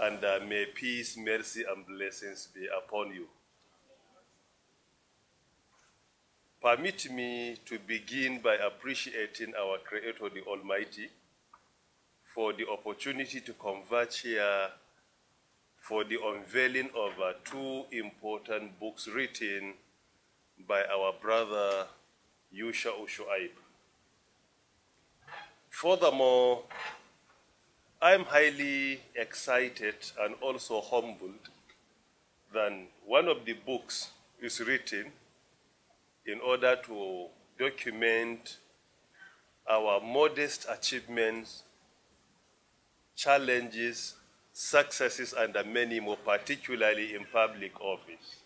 and uh, may peace, mercy, and blessings be upon you. Permit me to begin by appreciating our Creator, the Almighty, for the opportunity to converge here for the unveiling of uh, two important books written by our brother Yusha Ushuaib. Furthermore, I'm highly excited and also humbled that one of the books is written in order to document our modest achievements, challenges, successes, and many more, particularly in public office.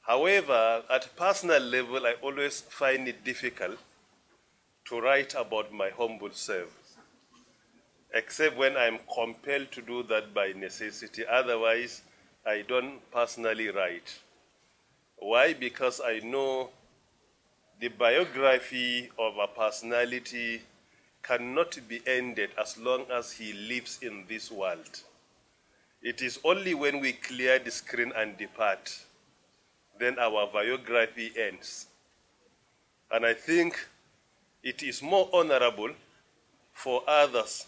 However, at personal level, I always find it difficult to write about my humble self except when I'm compelled to do that by necessity. Otherwise, I don't personally write. Why? Because I know the biography of a personality cannot be ended as long as he lives in this world. It is only when we clear the screen and depart, then our biography ends. And I think it is more honorable for others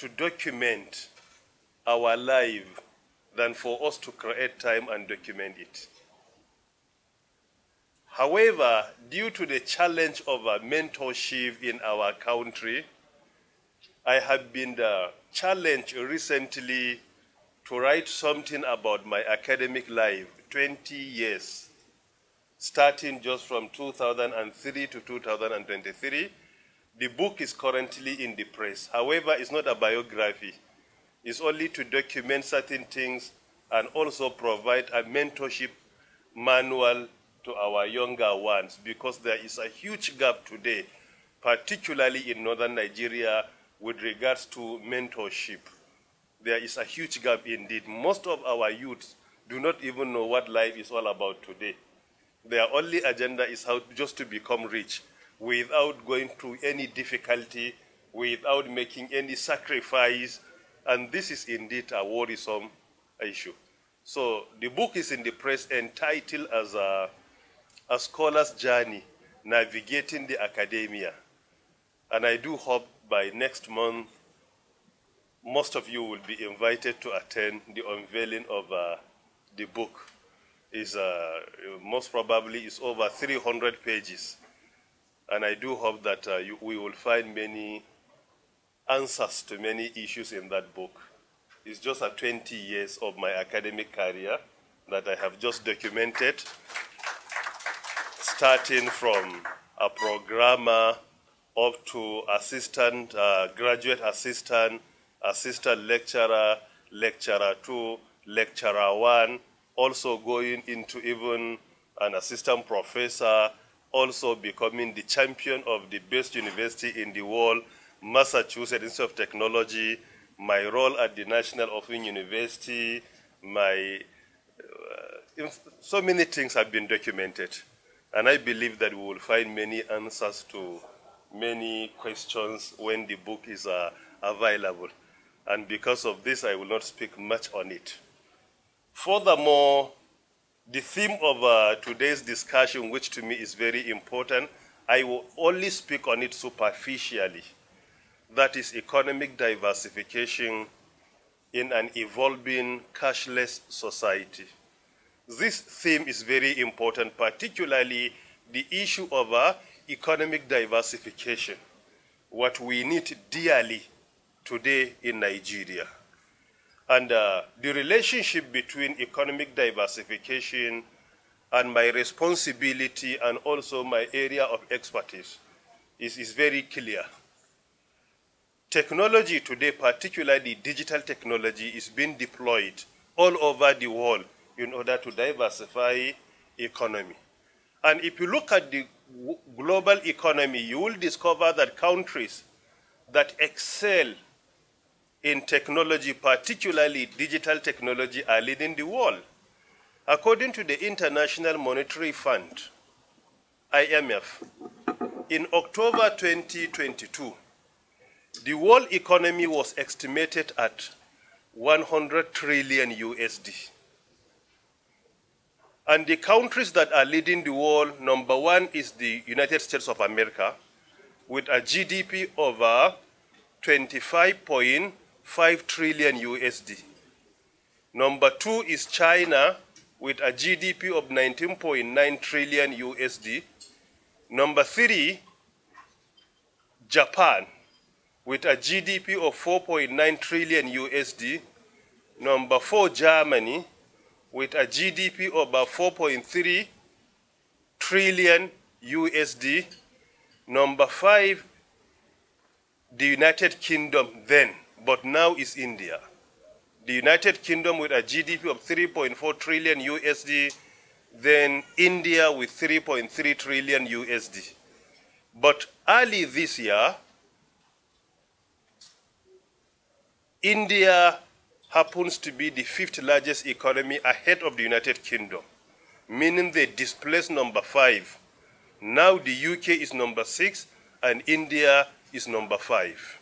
to document our life than for us to create time and document it. However, due to the challenge of a mentorship in our country, I have been challenged recently to write something about my academic life, 20 years, starting just from 2003 to 2023, the book is currently in the press. However, it's not a biography. It's only to document certain things and also provide a mentorship manual to our younger ones because there is a huge gap today, particularly in northern Nigeria, with regards to mentorship. There is a huge gap indeed. Most of our youths do not even know what life is all about today. Their only agenda is how just to become rich without going through any difficulty, without making any sacrifice. And this is indeed a worrisome issue. So the book is in the press entitled as a, a Scholar's Journey, Navigating the Academia. And I do hope by next month, most of you will be invited to attend the unveiling of uh, the book. Is uh, most probably is over 300 pages. And I do hope that uh, you, we will find many answers to many issues in that book. It's just a 20 years of my academic career that I have just documented, starting from a programmer up to assistant, uh, graduate assistant, assistant lecturer, lecturer two, lecturer one, also going into even an assistant professor, also becoming the champion of the best university in the world, Massachusetts Institute of Technology, my role at the National Open University, my, uh, so many things have been documented. And I believe that we will find many answers to many questions when the book is uh, available. And because of this, I will not speak much on it. Furthermore, the theme of uh, today's discussion, which to me is very important, I will only speak on it superficially. That is economic diversification in an evolving cashless society. This theme is very important, particularly the issue of uh, economic diversification, what we need dearly today in Nigeria and uh, the relationship between economic diversification and my responsibility and also my area of expertise is, is very clear. Technology today, particularly digital technology, is being deployed all over the world in order to diversify economy. And if you look at the global economy, you will discover that countries that excel in technology, particularly digital technology, are leading the world. According to the International Monetary Fund, IMF, in October 2022, the world economy was estimated at 100 trillion USD. And the countries that are leading the world, number one is the United States of America, with a GDP over 25.1 5 trillion USD. Number two is China with a GDP of 19.9 trillion USD. Number three, Japan with a GDP of 4.9 trillion USD. Number four, Germany with a GDP of about 4.3 trillion USD. Number five, the United Kingdom then but now is India. The United Kingdom with a GDP of 3.4 trillion USD, then India with 3.3 trillion USD. But early this year, India happens to be the fifth largest economy ahead of the United Kingdom, meaning they displaced number five. Now the UK is number six and India is number five.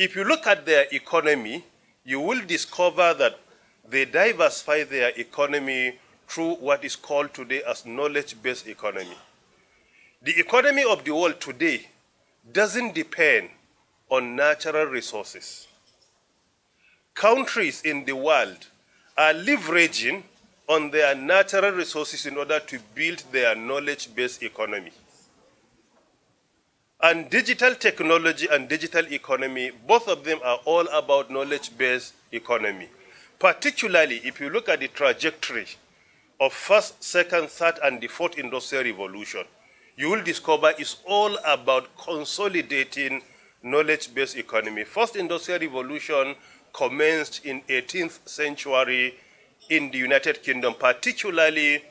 If you look at their economy, you will discover that they diversify their economy through what is called today as knowledge-based economy. The economy of the world today doesn't depend on natural resources. Countries in the world are leveraging on their natural resources in order to build their knowledge-based economy. And digital technology and digital economy, both of them are all about knowledge-based economy. Particularly, if you look at the trajectory of first, second, third, and the fourth industrial revolution, you will discover it's all about consolidating knowledge-based economy. First industrial revolution commenced in 18th century in the United Kingdom, particularly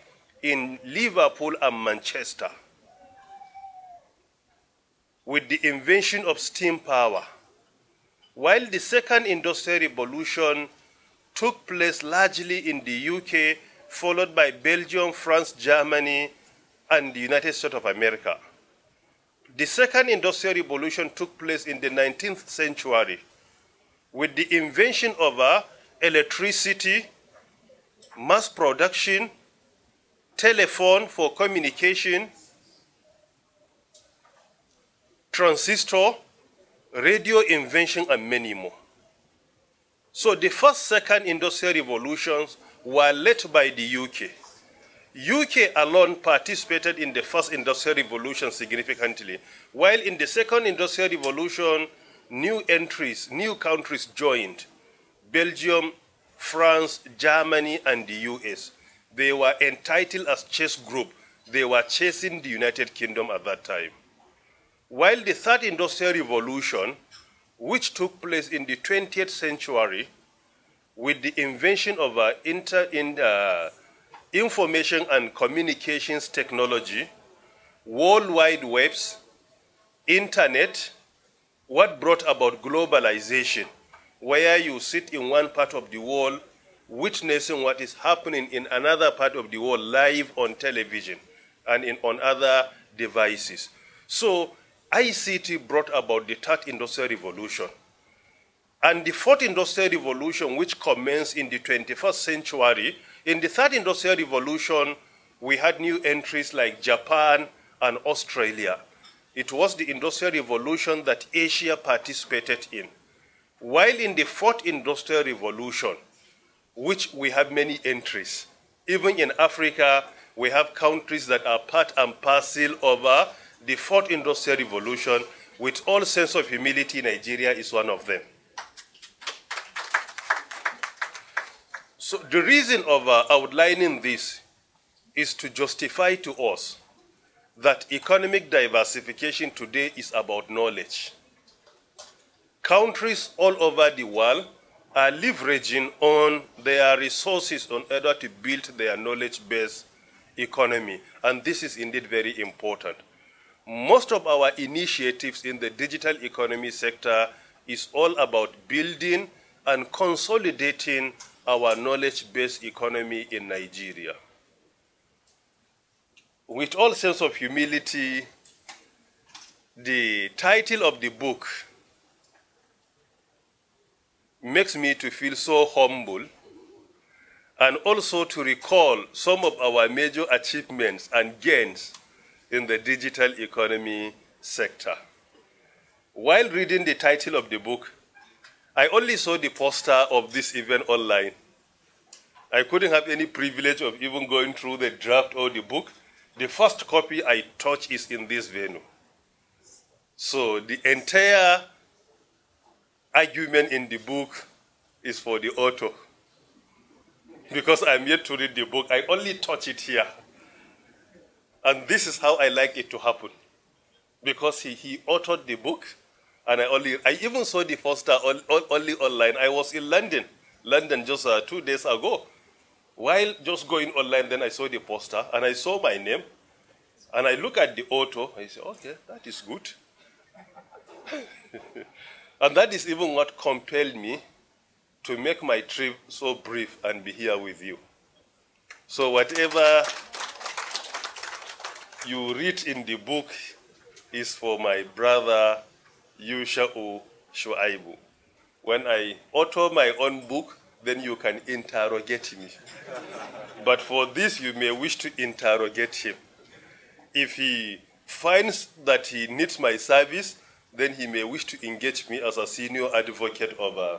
in Liverpool and Manchester with the invention of steam power, while the second industrial revolution took place largely in the UK, followed by Belgium, France, Germany, and the United States of America. The second industrial revolution took place in the 19th century with the invention of uh, electricity, mass production, telephone for communication, transistor, radio invention, and many more. So the first second industrial revolutions were led by the UK. UK alone participated in the first industrial revolution significantly, while in the second industrial revolution, new entries, new countries joined Belgium, France, Germany, and the US. They were entitled as chess group. They were chasing the United Kingdom at that time. While the third industrial revolution, which took place in the 20th century with the invention of uh, inter, in, uh, information and communications technology, World Wide Webs, internet, what brought about globalization, where you sit in one part of the world witnessing what is happening in another part of the world live on television and in, on other devices. So ICT brought about the third industrial revolution. And the fourth industrial revolution, which commenced in the 21st century, in the third industrial revolution, we had new entries like Japan and Australia. It was the industrial revolution that Asia participated in. While in the fourth industrial revolution, which we have many entries, even in Africa, we have countries that are part and parcel of the fourth industrial revolution, with all sense of humility, Nigeria is one of them. So the reason of uh, outlining this is to justify to us that economic diversification today is about knowledge. Countries all over the world are leveraging on their resources in order to build their knowledge-based economy, and this is indeed very important most of our initiatives in the digital economy sector is all about building and consolidating our knowledge-based economy in Nigeria. With all sense of humility, the title of the book makes me to feel so humble and also to recall some of our major achievements and gains in the digital economy sector. While reading the title of the book, I only saw the poster of this event online. I couldn't have any privilege of even going through the draft or the book. The first copy I touch is in this venue. So the entire argument in the book is for the author. Because I'm yet to read the book, I only touch it here. And this is how I like it to happen. Because he, he authored the book, and I only I even saw the poster uh, on, on, only online. I was in London, London just uh, two days ago. While just going online, then I saw the poster, and I saw my name, and I look at the author. I say, okay, that is good. and that is even what compelled me to make my trip so brief and be here with you. So whatever you read in the book is for my brother Yusha'u Shu'aibu. When I author my own book, then you can interrogate me. but for this, you may wish to interrogate him. If he finds that he needs my service, then he may wish to engage me as a senior advocate of uh,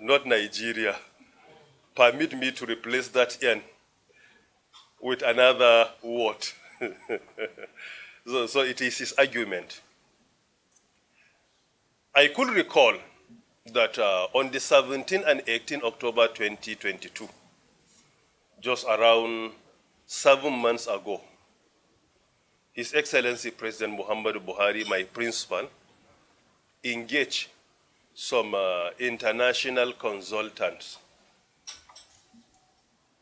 not Nigeria. Permit me to replace that end with another what? so, so it is his argument. I could recall that uh, on the 17th and 18th October 2022, just around seven months ago, His Excellency President Muhammad Buhari, my principal, engaged some uh, international consultants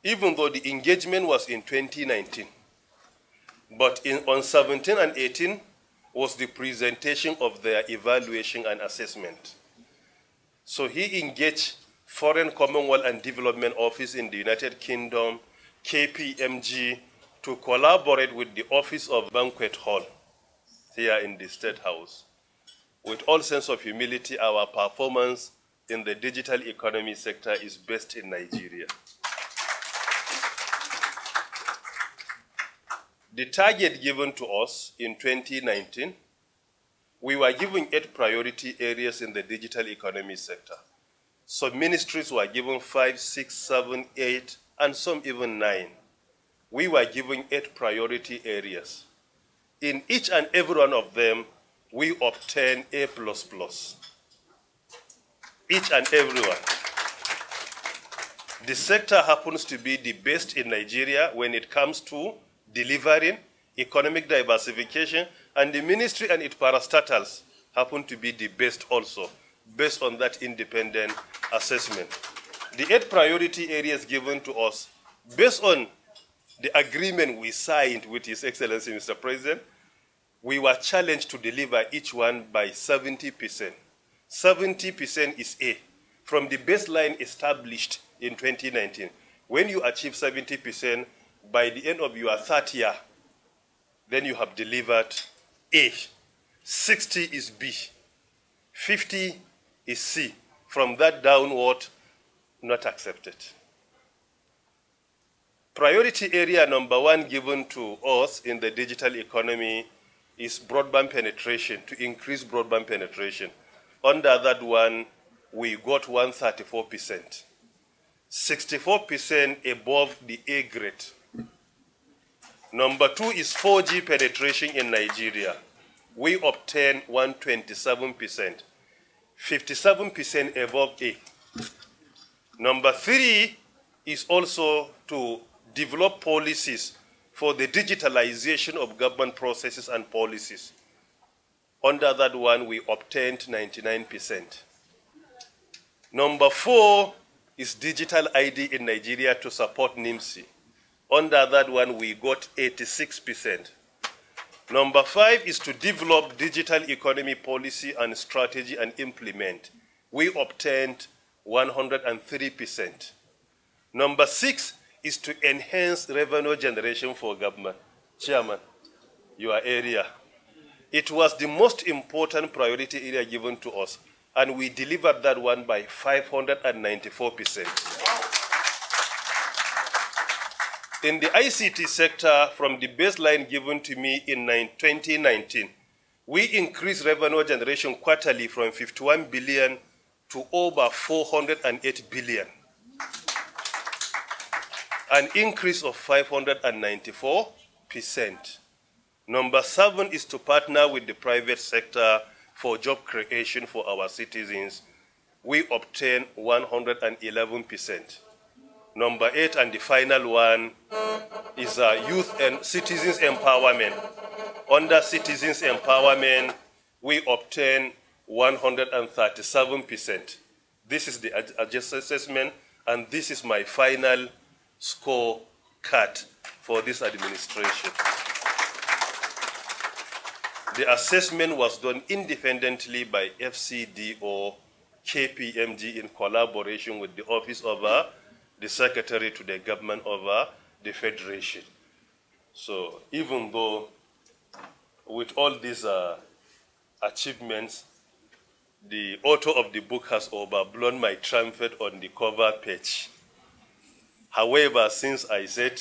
even though the engagement was in 2019. But in, on 17 and 18 was the presentation of their evaluation and assessment. So he engaged Foreign Commonwealth and Development Office in the United Kingdom, KPMG, to collaborate with the Office of Banquet Hall here in the State House. With all sense of humility, our performance in the digital economy sector is best in Nigeria. The target given to us in 2019, we were given eight priority areas in the digital economy sector. So ministries were given five, six, seven, eight, and some even nine. We were given eight priority areas. In each and every one of them, we obtained A++. Each and every one. The sector happens to be the best in Nigeria when it comes to delivering economic diversification, and the ministry and its parastatals happen to be the best also, based on that independent assessment. The eight priority areas given to us, based on the agreement we signed with His Excellency Mr. President, we were challenged to deliver each one by 70%. 70% is A, from the baseline established in 2019. When you achieve 70%, by the end of your third year, then you have delivered A. 60 is B. 50 is C. From that downward, not accepted. Priority area number one given to us in the digital economy is broadband penetration, to increase broadband penetration. Under that one, we got 134%. 64% above the A grade. Number two is 4G penetration in Nigeria. We obtain 127%, 57% above A. Number three is also to develop policies for the digitalization of government processes and policies. Under that one, we obtained 99%. Number four is digital ID in Nigeria to support NIMSI. Under that one, we got 86%. Number five is to develop digital economy policy and strategy and implement. We obtained 103%. Number six is to enhance revenue generation for government. Chairman, your area. It was the most important priority area given to us, and we delivered that one by 594% in the ICT sector from the baseline given to me in 2019, we increased revenue generation quarterly from 51 billion to over 408 billion, an increase of 594%. Number seven is to partner with the private sector for job creation for our citizens. We obtain 111%. Number eight and the final one is uh, youth and citizens empowerment. Under citizens empowerment, we obtain 137%. This is the assessment, and this is my final score cut for this administration. The assessment was done independently by FCDO KPMG in collaboration with the Office of uh, the secretary to the government of uh, the federation. So even though with all these uh, achievements, the author of the book has overblown my triumph on the cover page. However, since I said,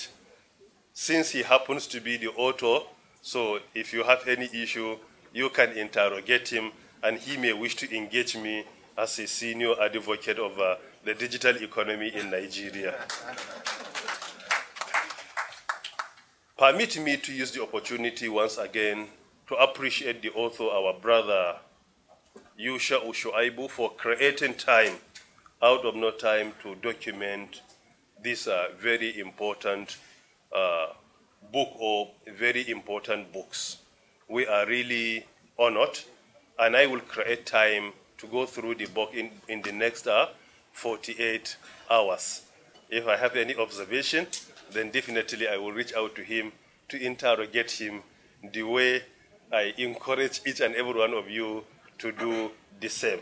since he happens to be the author, so if you have any issue, you can interrogate him and he may wish to engage me as a senior advocate of uh, the digital economy in Nigeria. Permit me to use the opportunity once again to appreciate the author, our brother, Yusha Ushuaibu, for creating time out of no time to document this uh, very important uh, book or very important books. We are really honored, and I will create time to go through the book in, in the next hour. Uh, 48 hours. If I have any observation, then definitely I will reach out to him to interrogate him the way I encourage each and every one of you to do the same.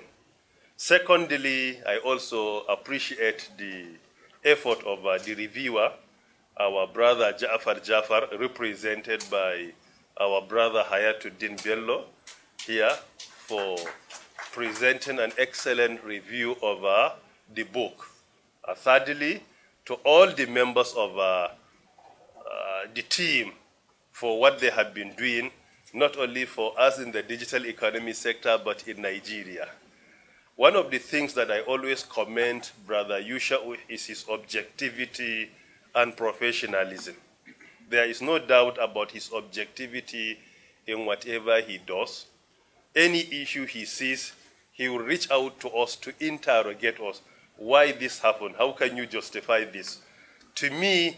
Secondly, I also appreciate the effort of uh, the reviewer, our brother Jafar Jafar, represented by our brother Hayatuddin Bello here for presenting an excellent review of our uh, the book. Uh, thirdly, to all the members of uh, uh, the team for what they have been doing, not only for us in the digital economy sector, but in Nigeria. One of the things that I always commend Brother Yusha is his objectivity and professionalism. There is no doubt about his objectivity in whatever he does. Any issue he sees, he will reach out to us to interrogate us why this happened? How can you justify this? To me,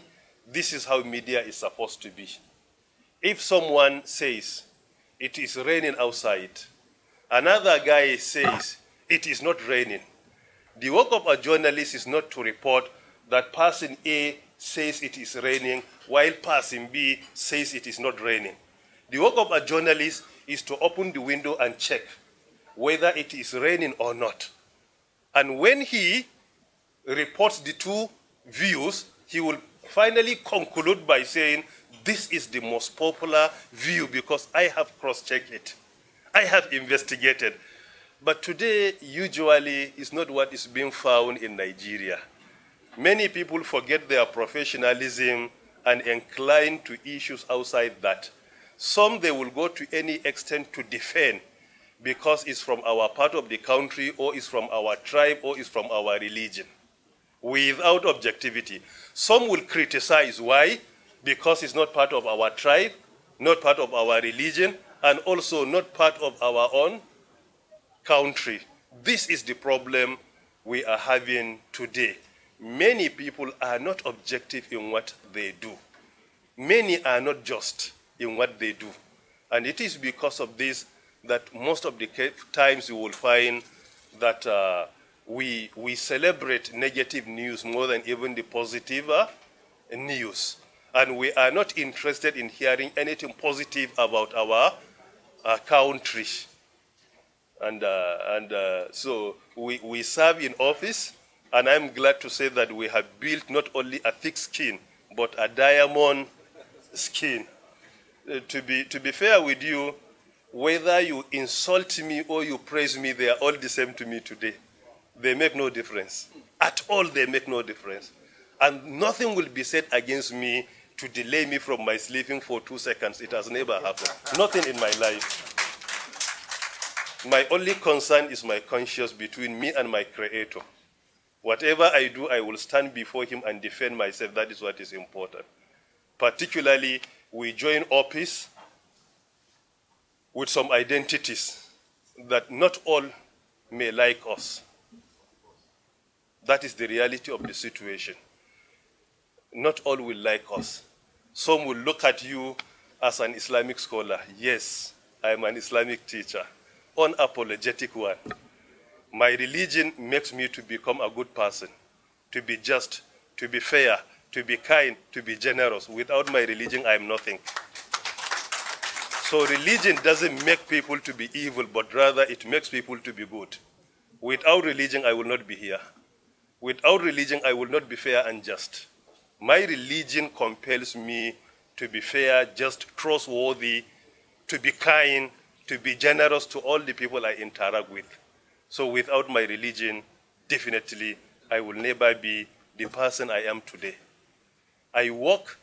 this is how media is supposed to be. If someone says, it is raining outside, another guy says, it is not raining. The work of a journalist is not to report that person A says it is raining while person B says it is not raining. The work of a journalist is to open the window and check whether it is raining or not. And when he reports the two views, he will finally conclude by saying, this is the most popular view because I have cross-checked it. I have investigated. But today, usually, is not what is being found in Nigeria. Many people forget their professionalism and incline to issues outside that. Some they will go to any extent to defend because it's from our part of the country or it's from our tribe or it's from our religion without objectivity. Some will criticize why? Because it's not part of our tribe, not part of our religion, and also not part of our own country. This is the problem we are having today. Many people are not objective in what they do. Many are not just in what they do. And it is because of this that most of the times you will find that uh, we, we celebrate negative news more than even the positive uh, news. And we are not interested in hearing anything positive about our, uh, country. And, uh, and uh, so we, we serve in office, and I'm glad to say that we have built not only a thick skin, but a diamond skin. Uh, to, be, to be fair with you, whether you insult me or you praise me, they are all the same to me today. They make no difference. At all, they make no difference. And nothing will be said against me to delay me from my sleeping for two seconds. It has never happened. Nothing in my life. My only concern is my conscience between me and my Creator. Whatever I do, I will stand before Him and defend myself. That is what is important. Particularly, we join office with some identities that not all may like us. That is the reality of the situation. Not all will like us. Some will look at you as an Islamic scholar. Yes, I am an Islamic teacher, unapologetic one. My religion makes me to become a good person, to be just, to be fair, to be kind, to be generous. Without my religion, I am nothing. So religion doesn't make people to be evil, but rather it makes people to be good. Without religion, I will not be here. Without religion, I will not be fair and just. My religion compels me to be fair, just, trustworthy, to be kind, to be generous to all the people I interact with. So without my religion, definitely, I will never be the person I am today. I work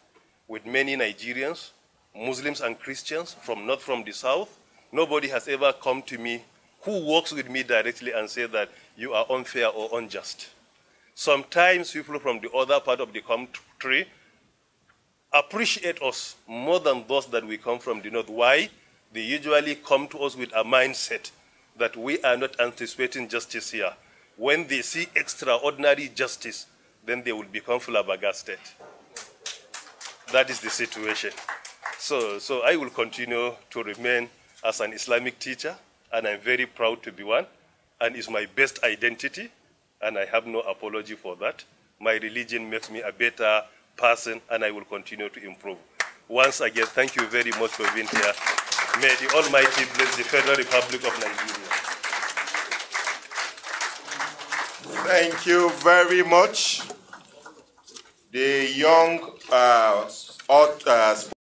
with many Nigerians Muslims and Christians from not from the south. Nobody has ever come to me who works with me directly and say that you are unfair or unjust. Sometimes people from the other part of the country appreciate us more than those that we come from the north. Why? They usually come to us with a mindset that we are not anticipating justice here. When they see extraordinary justice, then they will become flabbergasted. That is the situation. So, so I will continue to remain as an Islamic teacher, and I'm very proud to be one, and it's my best identity, and I have no apology for that. My religion makes me a better person, and I will continue to improve. Once again, thank you very much for being here. May the Almighty bless the Federal Republic of Nigeria. Thank you very much. The young uh, authors. Uh,